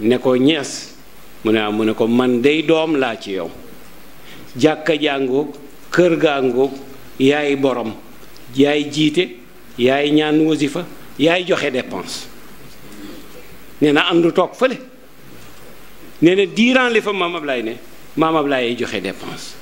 ne ko ñees mu ne ah, mu ne ko man dey doom laa ci yow jàkka jàngoog kër gaangoog yaay borom yaay jiite yaay ñaan wasifa yaay joxe dépense nee na am toog fële nee na diiran li fa maam ne maam Ablaay joxe dépense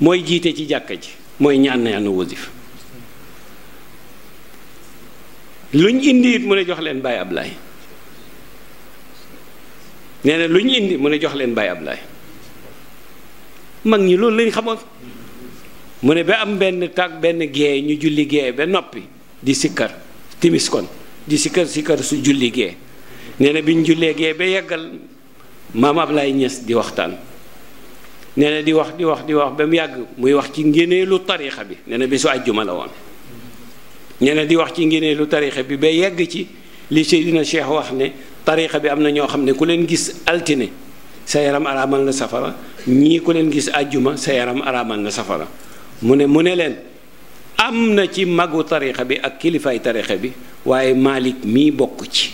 mooy jiite ci jàkka ji mooy ñaan ñaanu wasifa luñ indi it mu ne jox leen Baye Ablaye nee na luñ indi mu ne jox leen Baye Ablaye mag ñi loolu lañ xamoon mu ne ba am benn tàgg benn gée ñu julli gée ba noppi di sikkar timiskon di sikkar sikkar su julli gée nee na bi ñu jullee gée ba yeggal maam laay ñës di waxtaan nee na di wax di wax di wax ba mu yàgg muy wax ci ngéneelu tariixa bi nee bi su àjjuma la woon ñeneen di wax ci lu tarixa bi ba yegg ci li Seydina Cheikh wax ne tarixa bi am na ñoo xam ne ku leen gis altine sa yaram araamal na safara ñii ku leen gis àjjuma sa yaram araamal na safara mu ne mu ne leen am na ci magu tarixa bi ak kilifaay tarixa bi waaye Malik mii bokk ci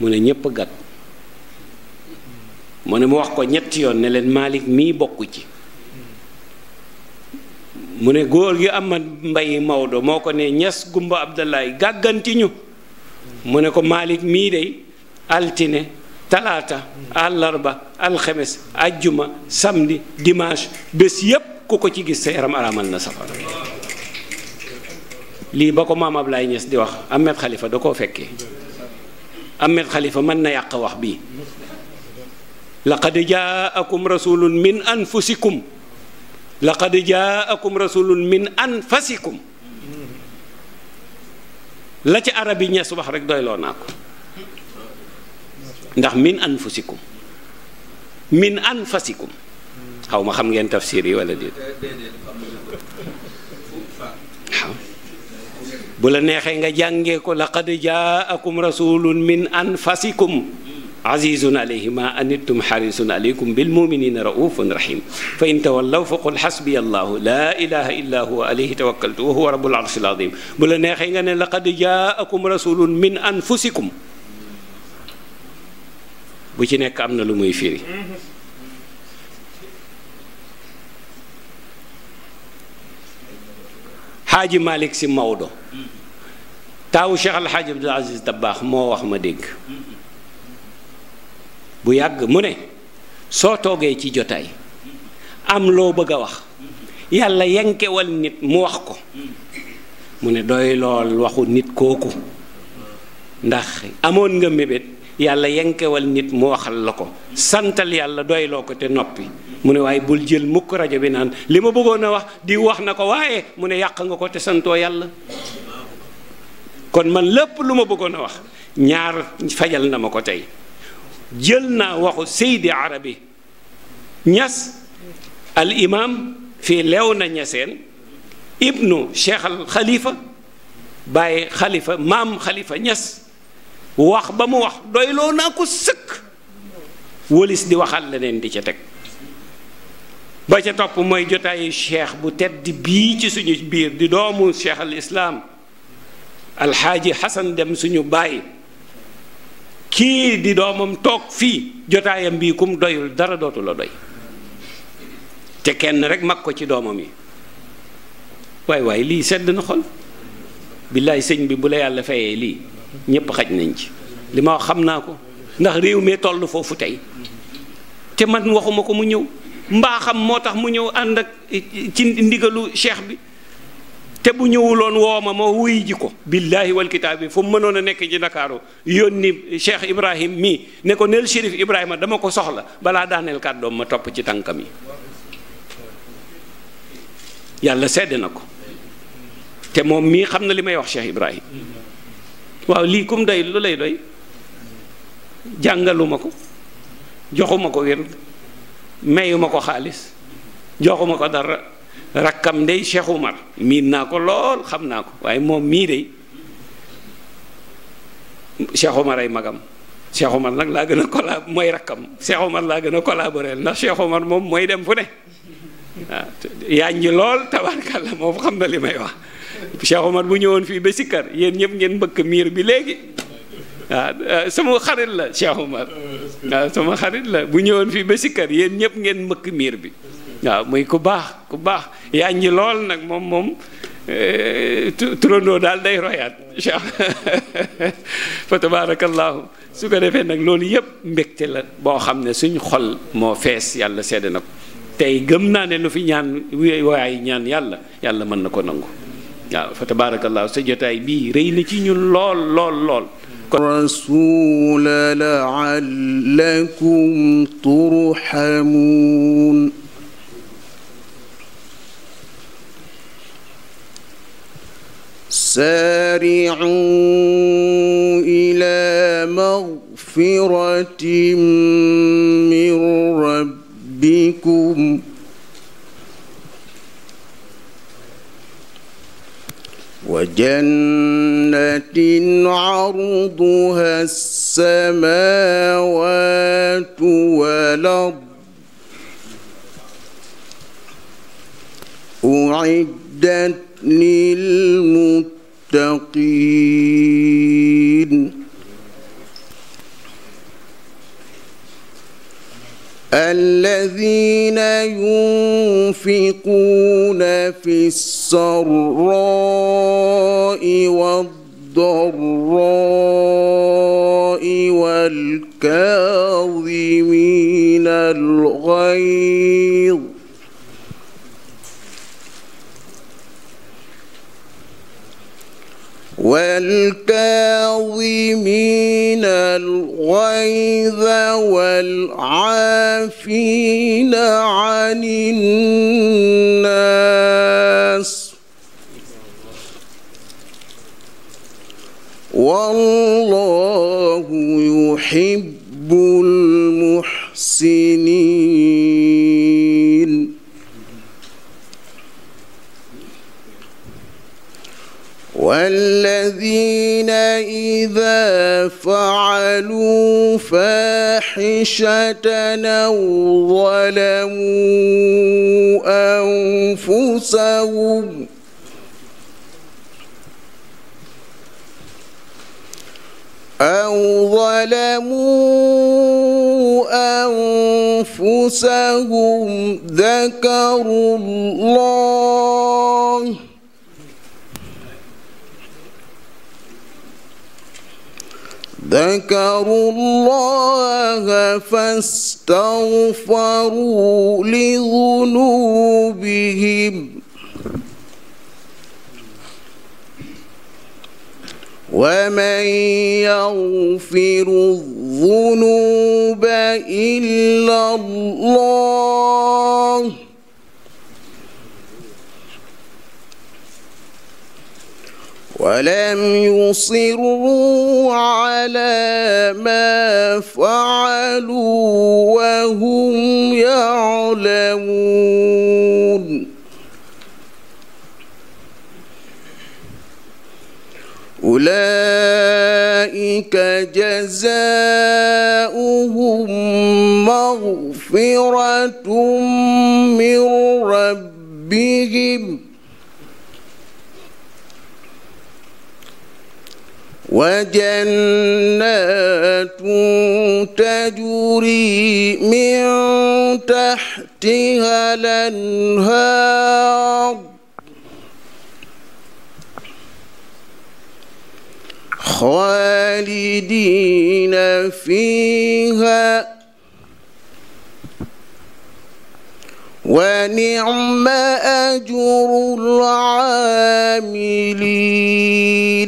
mu ne ñépp gat mu ne mu wax ko ñetti yoon ne leen Malik mii bokk ci mu ne góor gi Ahmad Mbaye Maodo moo ko ne ñes gumba Abdalaay gàgganti ñu mu ne ko Malick mii dey altine talaata àllarba alxemes ajjuma samedi dimanche bés yépp ku ko ci gis sa yaram araamal na safara lii ba ko maam Ablaay ñes di wax Ahmed Khalifa da koo fekkee Ahmed Khalifa mën na yàq wax bii laqad jaakum rasulun min anfusikum laqad jaakum rasulun min anfasikum la ci arab yi ñees wax rek doyloo naa ko ndax min anfusikum min anfasikum xaw ma xam ngeen tafsir yi wala bu la neexee nga jàngee ko laqad jaakum rasulun min anfasikum azizun alayhi ma anittum xarisun aleykum bil muminina raufun rahim fa in tawallaw fa qul xasbiya allahu laa ilaha illa huwa alayhi tawakkaltu wa huwa rabbul arshil azim bu la neexee nga ne laqad jaakum rasulun min anfusikum bu ci nekk am na lu muy firi xaaji Malick si Maodo taawu Cheikh Al Hadj Abdoul Aziz Dabakh moo wax ma dégg bu yàgg mu ne soo toogee ci jotaay am loo bëgg a wax yàlla yenkewal nit mu wax ko mu ne doy waxu nit kooku ndax amoon nga mébét yàlla yenkewal nit mu waxal la ko santal yàlla doyloo ko te noppi mu ne waaye bul jël mukk rajo bi naan li ma bëggoon a wax di wax na ko waaye mu ne yàq nga ko te santoo yàlla kon man lépp lu ma bëggoon a wax ñaar fajal na ma ko tey jël naa waxu seydi arabi ñas al imam fii leew na ñaseen ibnu cheikh al xalifa bàyyi xalifa maam xalifa ñas wax ba mu wax doyloo naa ko sëkk wëlis di waxal leneen di ca teg ba ca topp mooy jotaayu cheikh bu tedd bii ci suñu biir di doomu cheikh al islaam alxaaji xasan dem suñu bàyyi kii di doomam toog fii jotaayam bii kum doyul dara dootu la doy te kenn rek mag ko ci doomam yi waay waaye lii sedd na xol billaay sëñ bi bu la yàlla fayee lii ñépp xaj nañ ci li ma xam naa ko ndax réew mee toll foofu tey te man waxuma ko mu ñëw mbaaxam moo tax mu ñëw ànd ak ci ndigalu cheikh bi te bu ñëwuloon woo ma ma wuy ji ko billaahi wal kitaabi fu mu mënoon a nekk ci ndakaaru yónni Cheikh Ibrahim mii ne ko neel Chérif Ibrahima dama ko soxla balaa daaneel kàddoom ma topp ci tànkam yi yàlla sedd na ko te moom mii xam na li may wax Cheikh Ibrahim waaw lii kum doy lu lay doy jàngaluma ko joxuma ko wér mayuma ko xaalis joxuma ko dara rakkam ndey Cheikh Umar miin naa ko lool xam naa ko waaye moom mii dey Cheikh Umar ay magam Cheikh Umar nag laa gën a collab rakkam Cheikh Umar laa gën a collaborer ndax Cheikh Umar moom mooy dem fu ne waaw ah, yaa ñi lool tabaarkàlla moom xam na li may wax Cheikh Umar bu ñëwoon fii ba Sikkar yéen ñëpp ngeen mbëkk miir bi léegi ah, ah, sama xarit la Cheikh Umar sama xarit la bu ñëwoon fii ba Sikkar yéen ñëpp ngeen mbëkk miir bi waaw muy ku baax ku baax yaa ñi lool nag moom moom eh, turandoo daal day royaat cheikh fa tabaarakallaahu su ko defee nag loolu yëpp mbégte la boo xam ne suñ xol moo fees yàlla sedd na ko tey gëm naa ne lu fi ñaan waay ñaan yàlla yàlla mën na ko nangu waaw fa tabaarakallaahu sa jotaay bii rëy na ci ñun lool lool lool الرسول لعلكم ترحمون سارعوا إلى مغفرة من ربكم وجنة عرضها السماوات والأرض أعدت للمتقين المتقين الذين ينفقون في السراء والضراء والكاظمين الغيظ والكاظمين الغيظ والعافين عن الناس والله يحب المحسنين والذين إذا فعلوا فاحشة أو ظلموا أنفسهم أو ظلموا أنفسهم ذكروا الله ذكروا الله فاستغفروا لذنوبهم ومن يغفر الذنوب إلا الله ولم يصروا على ما فعلوا وهم يعلمون أولئك جزاؤهم مغفرة من ربهم وجنات تجري من تحتها الانهار خالدين فيها ونعم اجر العاملين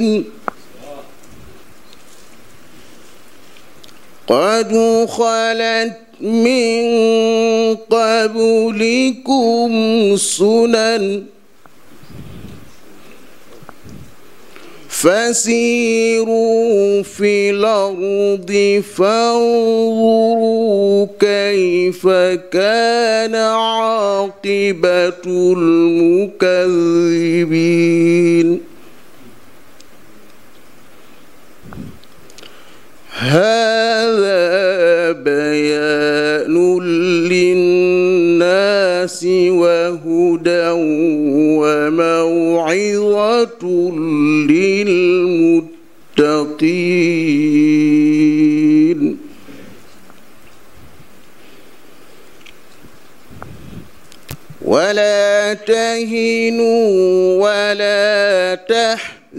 قد خلت من قبلكم سنن فسيروا في الأرض فانظروا كيف كان عاقبة المكذبين هذا ولا تهنوا ولا تحزنوا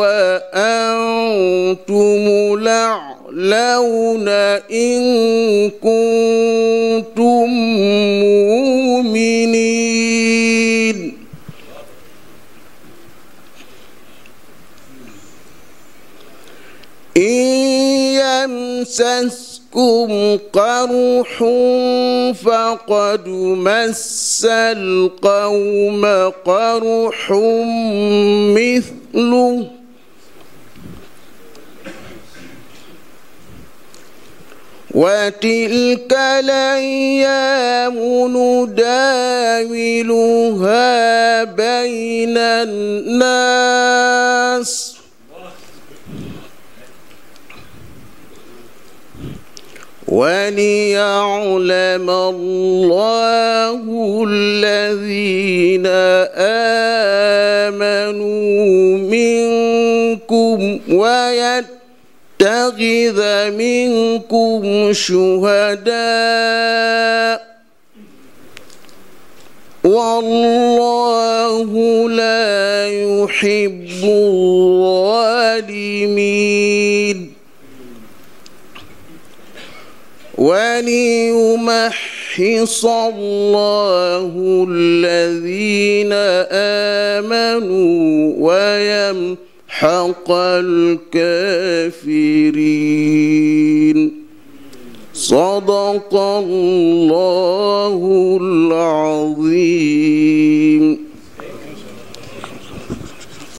وأنتم الأعلون إن كنتم مؤمنين إن يمسس يمسسكم قرح فقد مس القوم قرح مثله وتلك الأيام نداولها بين الناس وليعلم الله الذين آمنوا منكم ويتخذ منكم شهداء والله لا يحب الظالمين وليمحص الله الذين آمنوا ويمحق الكافرين صدق الله العظيم